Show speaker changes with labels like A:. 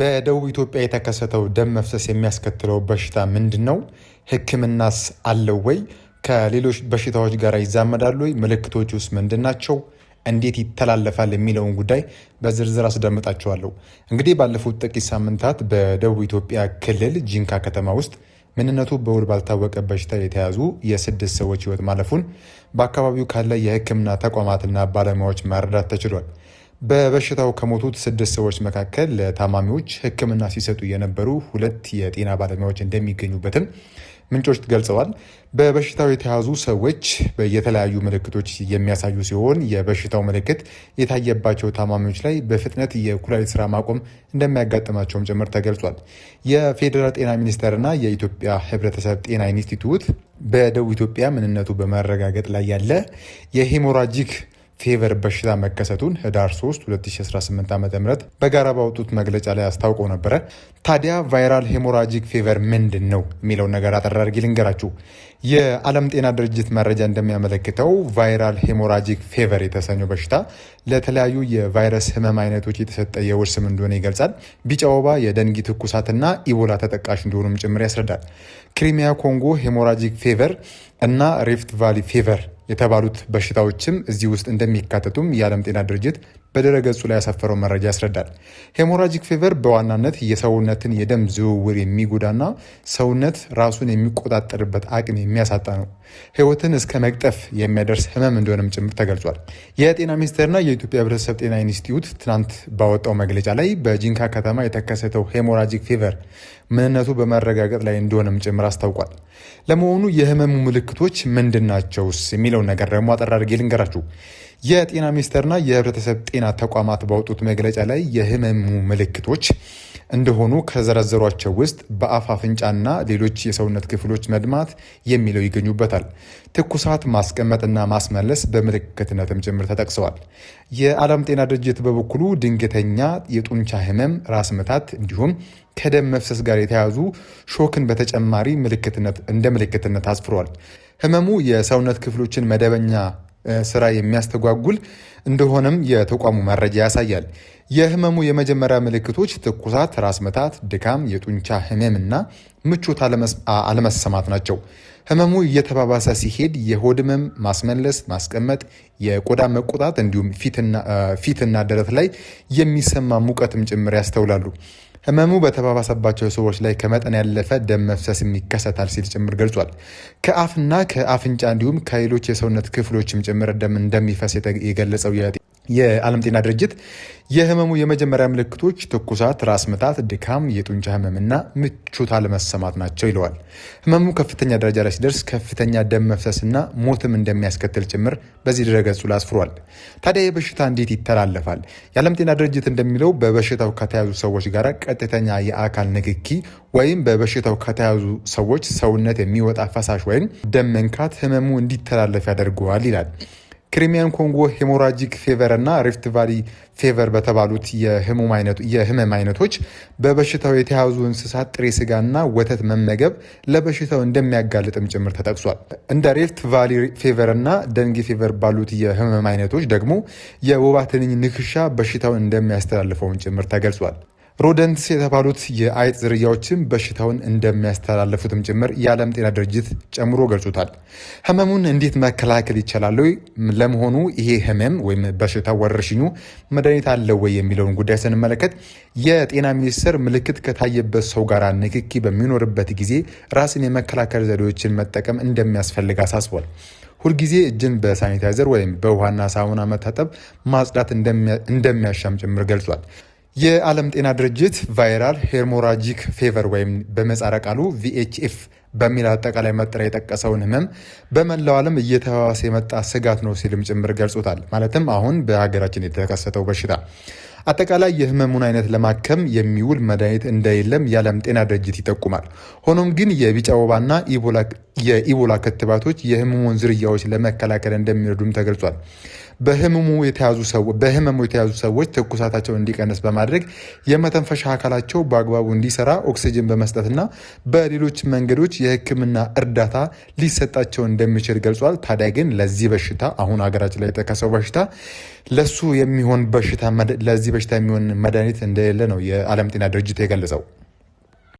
A: በደቡብ ኢትዮጵያ የተከሰተው ደም መፍሰስ የሚያስከትለው በሽታ ምንድን ነው? ሕክምናስ አለው ወይ? ከሌሎች በሽታዎች ጋር ይዛመዳሉ ወይ? ምልክቶች ውስጥ ምንድን ናቸው? እንዴት ይተላለፋል የሚለውን ጉዳይ በዝርዝር አስደምጣቸዋለሁ። እንግዲህ ባለፉት ጥቂት ሳምንታት በደቡብ ኢትዮጵያ ክልል ጂንካ ከተማ ውስጥ ምንነቱ በውል ባልታወቀ በሽታ የተያዙ የስድስት ሰዎች ህይወት ማለፉን በአካባቢው ካለ የህክምና ተቋማትና ባለሙያዎች መረዳት ተችሏል። በበሽታው ከሞቱት ስድስት ሰዎች መካከል ለታማሚዎች ሕክምና ሲሰጡ የነበሩ ሁለት የጤና ባለሙያዎች እንደሚገኙበትም ምንጮች ገልጸዋል። በበሽታው የተያዙ ሰዎች የተለያዩ ምልክቶች የሚያሳዩ ሲሆን የበሽታው ምልክት የታየባቸው ታማሚዎች ላይ በፍጥነት የኩላሊት ስራ ማቆም እንደሚያጋጥማቸውም ጭምር ተገልጿል። የፌዴራል ጤና ሚኒስቴርና የኢትዮጵያ ህብረተሰብ ጤና ኢንስቲትዩት በደቡብ ኢትዮጵያ ምንነቱ በመረጋገጥ ላይ ያለ የሄሞራጂክ ፌቨር በሽታ መከሰቱን ህዳር 3 2018 ዓ ም በጋራ ባወጡት መግለጫ ላይ አስታውቀው ነበረ። ታዲያ ቫይራል ሄሞራጂክ ፌቨር ምንድን ነው የሚለው ነገር አጠራርጊ ልንገራችሁ። የዓለም ጤና ድርጅት መረጃ እንደሚያመለክተው ቫይራል ሄሞራጂክ ፌቨር የተሰኘው በሽታ ለተለያዩ የቫይረስ ህመም አይነቶች የተሰጠ የውርስም እንደሆነ ይገልጻል። ቢጫ ወባ፣ የደንጊ ትኩሳትና ኢቦላ ተጠቃሽ እንደሆኑም ጭምር ያስረዳል። ክሪሚያ ኮንጎ ሄሞራጂክ ፌቨር እና ሪፍት ቫሊ ፌቨር የተባሉት በሽታዎችም እዚህ ውስጥ እንደሚካተቱም የዓለም ጤና ድርጅት በድረገጹ ላይ ያሰፈረው መረጃ ያስረዳል። ሄሞራጂክ ፌቨር በዋናነት የሰውነትን የደም ዝውውር የሚጎዳና ሰውነት ራሱን የሚቆጣጠርበት አቅም የሚያሳጣ ነው። ህይወትን እስከ መቅጠፍ የሚያደርስ ህመም እንደሆነም ጭምር ተገልጿል። የጤና ሚኒስቴርና የኢትዮጵያ ህብረተሰብ ጤና ኢንስቲትዩት ትናንት ባወጣው መግለጫ ላይ በጂንካ ከተማ የተከሰተው ሄሞራጂክ ፌቨር ምንነቱ በመረጋገጥ ላይ እንደሆነም ጭምር አስታውቋል። ለመሆኑ የህመሙ ምልክት ምልክቶች ምንድን ናቸውስ የሚለውን ነገር ደግሞ አጠር አድርጌ ልንገራችሁ። የጤና ሚኒስቴርና የህብረተሰብ ጤና ተቋማት ባወጡት መግለጫ ላይ የህመሙ ምልክቶች እንደሆኑ ከዘረዘሯቸው ውስጥ በአፍ አፍንጫና ሌሎች የሰውነት ክፍሎች መድማት የሚለው ይገኙበታል። ትኩሳት ማስቀመጥና ማስመለስ በምልክትነትም ጭምር ተጠቅሰዋል። የዓለም ጤና ድርጅት በበኩሉ ድንገተኛ የጡንቻ ህመም፣ ራስ ምታት እንዲሁም ከደም መፍሰስ ጋር የተያዙ ሾክን በተጨማሪ ምልክትነት እንደ ምልክትነት አስፍሯል። ህመሙ የሰውነት ክፍሎችን መደበኛ ስራ የሚያስተጓጉል እንደሆነም የተቋሙ መረጃ ያሳያል። የህመሙ የመጀመሪያ ምልክቶች ትኩሳት፣ ራስ ምታት፣ ድካም፣ የጡንቻ ህመም እና ምቾት አለመሰማት ናቸው። ህመሙ እየተባባሰ ሲሄድ የሆድ ህመም፣ ማስመለስ፣ ማስቀመጥ፣ የቆዳ መቆጣት እንዲሁም ፊትና ደረት ላይ የሚሰማ ሙቀትም ጭምር ያስተውላሉ። ህመሙ በተባባሰባቸው ሰዎች ላይ ከመጠን ያለፈ ደም መፍሰስም ይከሰታል ሲል ጭምር ገልጿል። ከአፍና ከአፍንጫ እንዲሁም ከሌሎች የሰውነት ክፍሎችም ጭምር ደም እንደሚፈስ የገለጸው የዓለም ጤና ድርጅት የህመሙ የመጀመሪያ ምልክቶች ትኩሳት፣ ራስ ምታት፣ ድካም፣ የጡንቻ ህመምና ምቾት አለመሰማት ናቸው ይለዋል። ህመሙ ከፍተኛ ደረጃ ላይ ሲደርስ ከፍተኛ ደም መፍሰስና ሞትም እንደሚያስከትል ጭምር በዚህ ድረገጹ ላይ አስፍሯል። ታዲያ የበሽታ እንዴት ይተላለፋል? የዓለም ጤና ድርጅት እንደሚለው በበሽታው ከተያዙ ሰዎች ጋር ቀጥተኛ የአካል ንክኪ ወይም በበሽታው ከተያዙ ሰዎች ሰውነት የሚወጣ ፈሳሽ ወይም ደም መንካት ህመሙ እንዲተላለፍ ያደርገዋል ይላል። ክሪሚያን ኮንጎ ሄሞራጂክ ፌቨር እና ሪፍት ቫሊ ፌቨር በተባሉት የህመም አይነቶች በበሽታው የተያዙ እንስሳት ጥሬ ስጋና ወተት መመገብ ለበሽታው እንደሚያጋልጥም ጭምር ተጠቅሷል። እንደ ሪፍት ቫሊ ፌቨር እና ደንግ ፌቨር ባሉት የህመም አይነቶች ደግሞ የወባ ትንኝ ንክሻ በሽታውን እንደሚያስተላልፈውን ጭምር ተገልጿል። ሮደንትስ የተባሉት የአይጥ ዝርያዎችም በሽታውን እንደሚያስተላልፉትም ጭምር የዓለም ጤና ድርጅት ጨምሮ ገልጾታል። ህመሙን እንዴት መከላከል ይቻላል? ለመሆኑ ይሄ ህመም ወይም በሽታው ወረርሽኙ መድኃኒት አለው ወይ የሚለውን ጉዳይ ስንመለከት የጤና ሚኒስቴር ምልክት ከታየበት ሰው ጋር ንክኪ በሚኖርበት ጊዜ ራስን የመከላከል ዘዴዎችን መጠቀም እንደሚያስፈልግ አሳስቧል። ሁልጊዜ እጅን በሳኒታይዘር ወይም በውሃና ሳሙና መታጠብ፣ ማጽዳት እንደሚያሻም ጭምር ገልጿል። የዓለም ጤና ድርጅት ቫይራል ሄርሞራጂክ ፌቨር ወይም በመጻረ ቃሉ ቪኤችኤፍ በሚል አጠቃላይ መጠሪያ የጠቀሰውን ህመም በመላው ዓለም እየተባባሰ የመጣ ስጋት ነው ሲልም ጭምር ገልጾታል። ማለትም አሁን በሀገራችን የተከሰተው በሽታ አጠቃላይ የህመሙን አይነት ለማከም የሚውል መድኃኒት እንደሌለም የዓለም ጤና ድርጅት ይጠቁማል። ሆኖም ግን የቢጫ ወባና የኢቦላ ክትባቶች የህመሙን ዝርያዎች ለመከላከል እንደሚረዱም ተገልጿል። በህመሙ የተያዙ ሰዎች ትኩሳታቸው እንዲቀንስ በማድረግ የመተንፈሻ አካላቸው በአግባቡ እንዲሰራ ኦክሲጅን በመስጠትና በሌሎች መንገዶች የህክምና እርዳታ ሊሰጣቸው እንደሚችል ገልጿል። ታዲያ ግን ለዚህ በሽታ አሁን ሀገራችን ላይ የጠቀሰው በሽታ ለሱ የሚሆን በሽታ ለዚህ በሽታ የሚሆን መድኃኒት እንደሌለ ነው የዓለም ጤና ድርጅት የገለጸው።